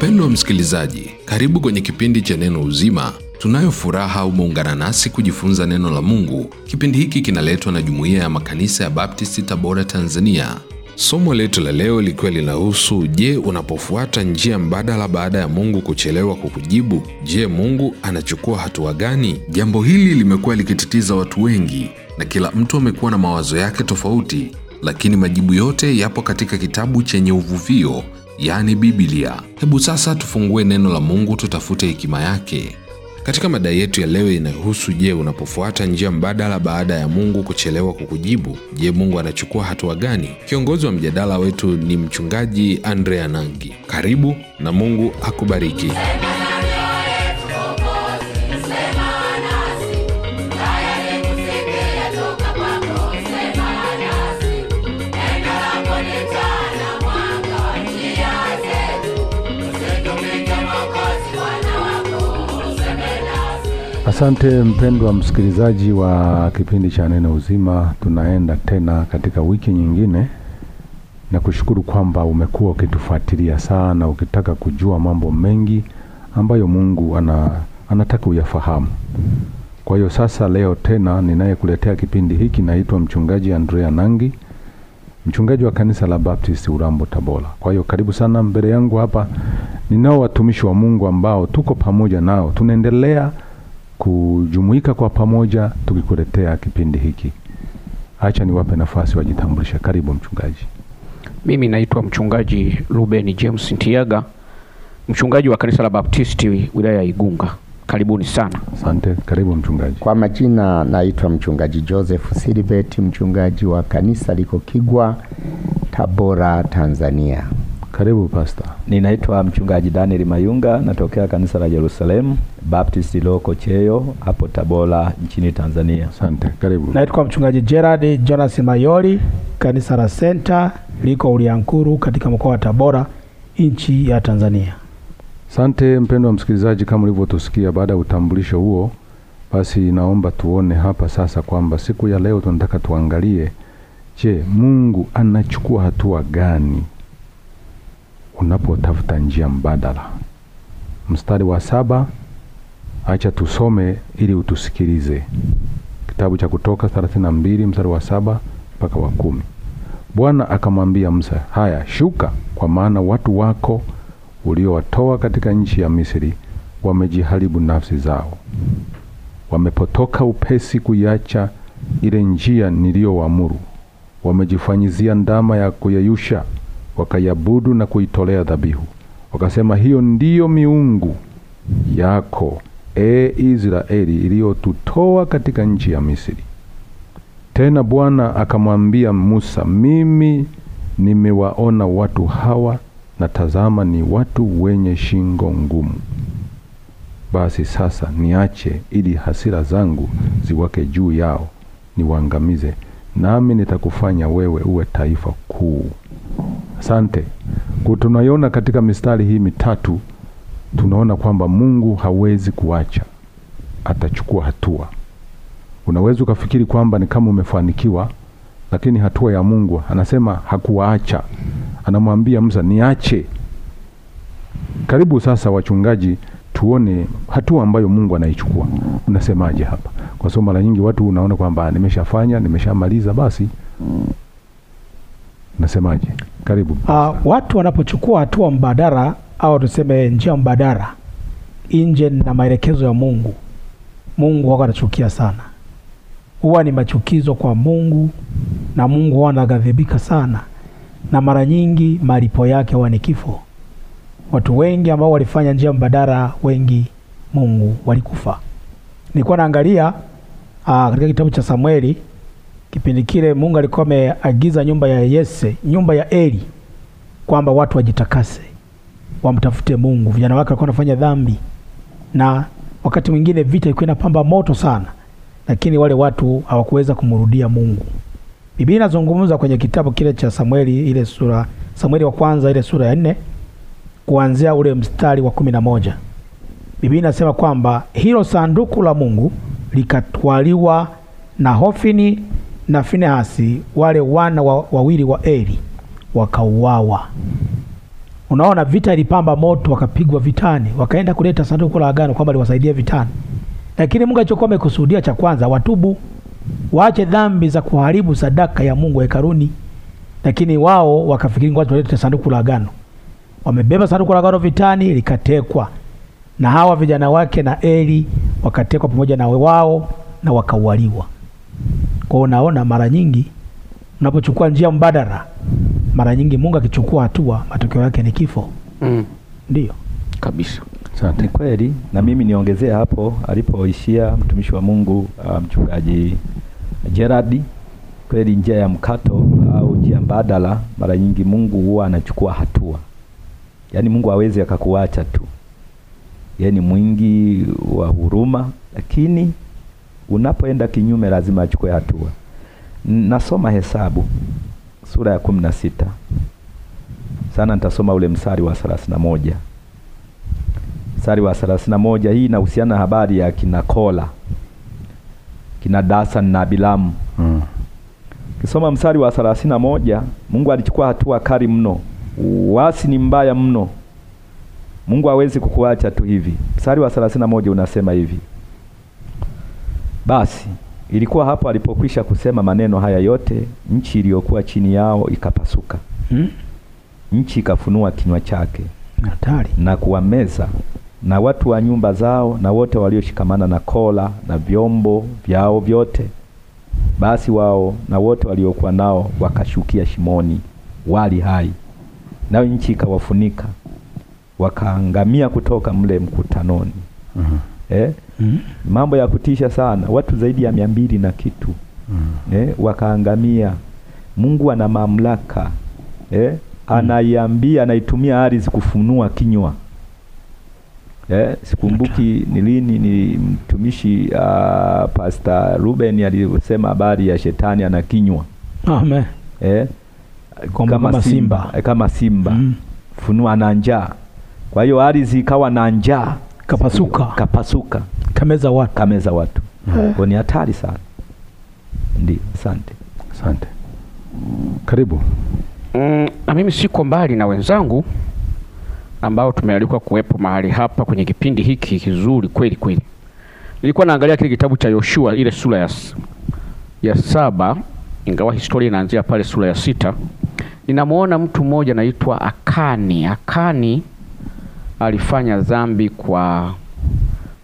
Mpendwa msikilizaji, karibu kwenye kipindi cha Neno Uzima. Tunayo furaha umeungana nasi kujifunza neno la Mungu. Kipindi hiki kinaletwa na Jumuiya ya Makanisa ya Baptisti, Tabora, Tanzania. Somo letu la leo likiwa linahusu je, unapofuata njia mbadala baada ya Mungu kuchelewa kukujibu, je, Mungu anachukua hatua gani? Jambo hili limekuwa likitatiza watu wengi na kila mtu amekuwa na mawazo yake tofauti, lakini majibu yote yapo katika kitabu chenye uvuvio yani Biblia. Hebu sasa tufungue neno la Mungu, tutafute hekima yake katika mada yetu ya leo inayohusu je, unapofuata njia mbadala baada ya Mungu kuchelewa kukujibu, je, Mungu anachukua hatua gani? Kiongozi wa mjadala wetu ni mchungaji Andrea Nangi. Karibu na Mungu akubariki. Asante mpendwa msikilizaji wa kipindi cha Neno Uzima, tunaenda tena katika wiki nyingine na kushukuru kwamba umekuwa ukitufuatilia sana, ukitaka kujua mambo mengi ambayo Mungu ana, anataka uyafahamu. Kwa hiyo sasa, leo tena ninayekuletea kipindi hiki naitwa Mchungaji Andrea Nangi, mchungaji wa kanisa la Baptist Urambo, Tabora. Kwa hiyo karibu sana. Mbele yangu hapa ninao watumishi wa Mungu ambao tuko pamoja nao, tunaendelea kujumuika kwa pamoja tukikuletea kipindi hiki. Acha niwape nafasi wajitambulishe. Karibu mchungaji. Mimi naitwa mchungaji Ruben James Ntiaga, mchungaji wa kanisa la Baptisti wilaya ya Igunga. Karibuni sana. Asante. Karibu mchungaji. Kwa majina naitwa mchungaji Joseph Silibeti, mchungaji wa kanisa liko Kigwa, Tabora, Tanzania. Karibu Pasta. Ninaitwa mchungaji Daniel Mayunga, natokea kanisa la Jerusalem Baptist loko Cheyo hapo Tabora nchini Tanzania. Asante. Karibu. Naitwa mchungaji Gerard Jonas Mayori, kanisa la Center liko Uliankuru katika mkoa wa Tabora nchi ya Tanzania. Asante wa msikilizaji, kama ulivyotusikia baada ya utambulisho huo, basi naomba tuone hapa sasa kwamba siku ya leo tunataka tuangalie, je, Mungu anachukua hatua gani unapotafuta njia mbadala. Mstari wa saba, acha tusome ili utusikilize. Kitabu cha Kutoka 32 mstari wa saba mpaka wa kumi. Bwana akamwambia Musa, haya shuka, kwa maana watu wako uliowatoa katika nchi ya Misri wamejiharibu nafsi zao, wamepotoka upesi kuiacha ile njia niliyowaamuru, wamejifanyizia ndama ya kuyeyusha wakaiabudu na kuitolea dhabihu. Wakasema, hiyo ndiyo miungu yako, e Israeli, iliyotutoa katika nchi ya Misri. Tena Bwana akamwambia Musa, mimi nimewaona watu hawa, na tazama, ni watu wenye shingo ngumu. Basi sasa niache, ili hasira zangu ziwake juu yao, niwaangamize, nami nitakufanya wewe uwe taifa kuu. Asante. Tunaiona katika mistari hii mitatu, tunaona kwamba Mungu hawezi kuacha, atachukua hatua. Unaweza ukafikiri kwamba ni kama umefanikiwa, lakini hatua ya Mungu, anasema hakuwaacha, anamwambia Musa niache. Karibu sasa, wachungaji, tuone hatua ambayo Mungu anaichukua. Unasemaje hapa? Kwa sababu mara nyingi watu unaona kwamba ah, nimeshafanya, nimeshamaliza, basi Nasemaje? Karibu. Uh, watu wanapochukua hatua mbadala au tuseme njia mbadala nje na maelekezo ya Mungu, Mungu huwa anachukia sana, huwa ni machukizo kwa Mungu na Mungu huwa anaghadhibika sana, na mara nyingi malipo yake huwa ni kifo. Watu wengi ambao walifanya njia mbadala, wengi Mungu walikufa. Nilikuwa naangalia ah, katika kitabu cha Samueli Kipindi kile Mungu alikuwa ameagiza nyumba ya Yese, nyumba ya Eli kwamba watu wajitakase, wamtafute Mungu. Vijana wake walikuwa wanafanya dhambi, na wakati mwingine vita ilikuwa inapamba moto sana, lakini wale watu hawakuweza kumrudia Mungu. Biblia inazungumza kwenye kitabu kile cha Samueli, ile sura Samueli wa kwanza ile sura ya nne kuanzia ule mstari wa kumi na moja Biblia inasema kwamba hilo sanduku la Mungu likatwaliwa na Hofini na Finehasi wale wana wa, wawili wa Eli wakauawa. Unaona, vita ilipamba moto, wakapigwa vitani, wakaenda kuleta sanduku la agano kwamba liwasaidie vitani, lakini Mungu alichokuwa amekusudia cha kwanza, watubu waache dhambi za kuharibu sadaka ya Mungu hekaruni. lakini wao wakafikiri ngoja tulete sanduku la agano. Wamebeba sanduku la agano vitani, likatekwa na hawa vijana wake na Eli, wakatekwa pamoja na wao na wakaualiwa. Kwa unaona mara nyingi unapochukua njia mbadala, mara nyingi Mungu akichukua hatua, matokeo yake ni kifo. Mm. Ndio kabisa. Asante. Ni kweli, na mimi niongezea hapo alipoishia mtumishi wa Mungu uh, mchungaji Gerard. Kweli njia ya mkato au njia mbadala, mara nyingi Mungu huwa anachukua hatua, yaani Mungu hawezi akakuacha tu, yeye ni mwingi wa huruma, lakini Unapoenda kinyume, lazima achukue hatua. Nasoma Hesabu sura ya kumi na sita sana, nitasoma ule msari wa thelathini na moja msari wa thelathini na moja Hii inahusiana na habari ya kina Kola, kina Dasan na Abilamu hmm. Kisoma msari wa thelathini na moja Mungu alichukua hatua kali mno. Uasi ni mbaya mno. Mungu hawezi kukuacha tu hivi. Msari wa thelathini na moja unasema hivi: basi ilikuwa hapo alipokwisha kusema maneno haya yote, nchi iliyokuwa chini yao ikapasuka, hmm? Nchi ikafunua kinywa chake natali na kuwameza na watu wa nyumba zao na wote walioshikamana na kola na vyombo vyao vyote. Basi wao na wote waliokuwa nao wakashukia shimoni wali hai, nayo nchi ikawafunika, wakaangamia kutoka mle mkutanoni. uh -huh eh, mm mambo ya kutisha sana, watu zaidi ya mia mbili na kitu mm eh, wakaangamia. Mungu ana mamlaka eh, hmm. anaiambia anaitumia ardhi kufunua kinywa eh, sikumbuki ni lini ni mtumishi uh, Pastor Ruben alisema habari ya shetani ana kinywa Amen. Eh, kama, kama simba, simba. Eh, kama simba mm funua na njaa, kwa hiyo ardhi ikawa na njaa kapasuka, kapasuka, kameza watu, kameza watu yeah. Ni hatari sana. Ndio, asante, asante. Karibu. Mm, na mimi siko mbali na wenzangu ambao tumealikwa kuwepo mahali hapa kwenye kipindi hiki kizuri kweli kweli. Nilikuwa naangalia kile kitabu cha Yoshua ile sura ya, ya saba ingawa historia inaanzia pale sura ya sita. Ninamwona mtu mmoja anaitwa Akani. Akani alifanya dhambi kwa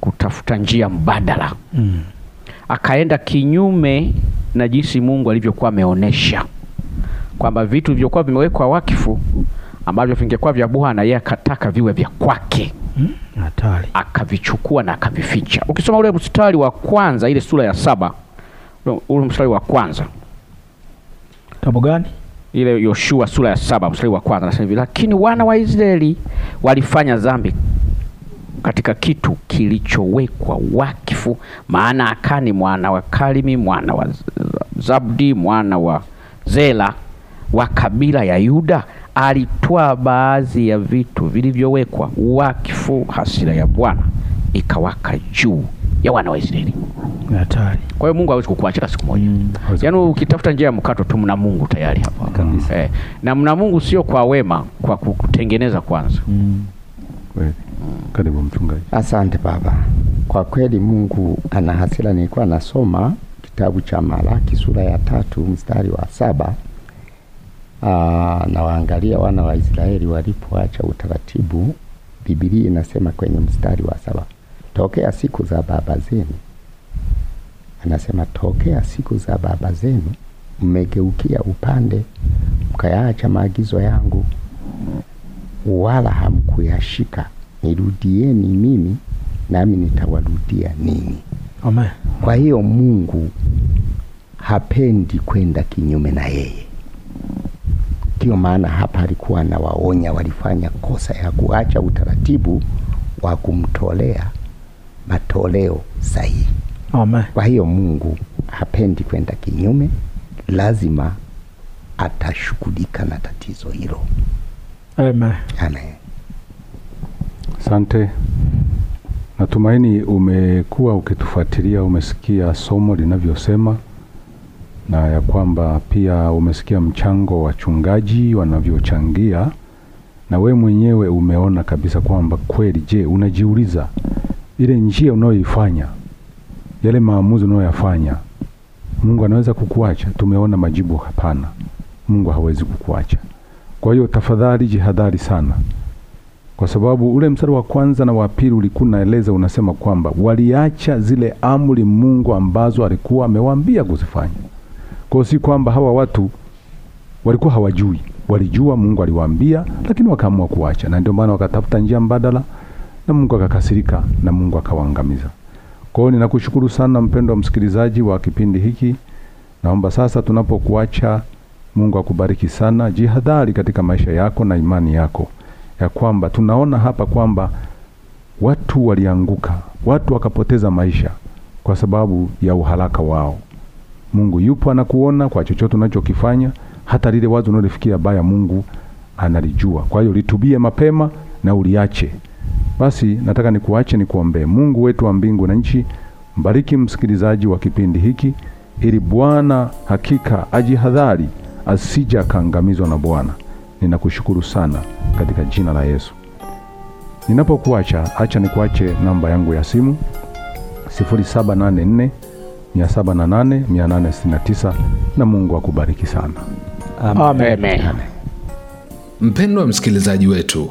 kutafuta njia mbadala mm. Akaenda kinyume na jinsi Mungu alivyokuwa ameonesha kwamba vitu vilivyokuwa vimewekwa wakifu ambavyo vingekuwa vya Bwana, yeye akataka viwe vya kwake mm. Akavichukua na akavificha. Ukisoma ule mstari wa kwanza ile sura ya saba ule mstari wa kwanza, kitabu gani? ile Yoshua sura ya saba mstari wa kwanza anasema hivi, lakini wana wa Israeli walifanya dhambi katika kitu kilichowekwa wakifu, maana Akani mwana wa kalimi mwana wa Zabdi mwana wa Zela wa kabila ya Yuda alitoa baadhi ya vitu vilivyowekwa wakifu, hasira ya Bwana ikawaka juu ya wana wa Israeli. Kwa hiyo Mungu hawezi kukuacha siku moja. Mm, yaani ukitafuta njia ya mkato tu mna Mungu tayari hapo. Eh, na mna Mungu sio kwa wema, kwa kukutengeneza kwanza. Mm. Mm. Karibu mchungaji. Asante baba. Kwa kweli Mungu ana hasira. Nilikuwa nasoma kitabu cha Malaki sura ya tatu mstari wa saba Aa, ah, na waangalia wana wa Israeli walipoacha utaratibu. Biblia inasema kwenye mstari wa saba tokea siku za baba zenu. Anasema tokea siku za baba zenu mmegeukia upande, mkayaacha maagizo yangu, wala hamkuyashika. Nirudieni mimi, nami nitawarudia ninyi. Amen. Kwa hiyo Mungu hapendi kwenda kinyume na yeye. Ndiyo maana hapa alikuwa anawaonya walifanya kosa ya kuacha utaratibu wa kumtolea matoleo sahihi. Amen. Kwa hiyo Mungu hapendi kwenda kinyume, lazima atashughulika na tatizo hilo. Amen. Amen. Asante. Natumaini umekuwa ukitufuatilia, umesikia somo linavyosema na ya kwamba pia umesikia mchango wa chungaji wanavyochangia, na we mwenyewe umeona kabisa kwamba kweli. Je, unajiuliza ile njia unayoifanya, yale maamuzi unayoyafanya, Mungu anaweza kukuacha? Tumeona majibu hapana, Mungu hawezi kukuacha. Kwa hiyo tafadhali, jihadhari sana, kwa sababu ule mstari wa kwanza na wa pili ulikuwa unaeleza, unasema kwamba waliacha zile amri Mungu ambazo alikuwa amewaambia kuzifanya. Kwa hiyo si kwamba hawa watu walikuwa hawajui, walijua, Mungu aliwaambia, lakini wakaamua kuacha, na ndio maana wakatafuta njia mbadala na Mungu akakasirika na Mungu akawaangamiza. Kwa hiyo ninakushukuru sana mpendo wa msikilizaji wa kipindi hiki. Naomba sasa tunapokuacha, Mungu akubariki sana. Jihadhari katika maisha yako na imani yako, ya kwamba tunaona hapa kwamba watu walianguka, watu wakapoteza maisha kwa sababu ya uharaka wao. Mungu yupo anakuona kwa chochote unachokifanya, hata lile wazo unalofikia baya, Mungu analijua. Kwa hiyo litubie mapema na uliache. Basi nataka nikuache nikuombee. Mungu wetu wa mbingu na nchi, mbariki msikilizaji wa kipindi hiki, ili Bwana hakika ajihadhari asija akaangamizwa na Bwana. Ninakushukuru sana katika jina la Yesu. Ninapokuacha acha nikuache namba yangu ya simu 0784 na Mungu akubariki sana. Amen. Amen. Amen. Mpendwa msikilizaji wetu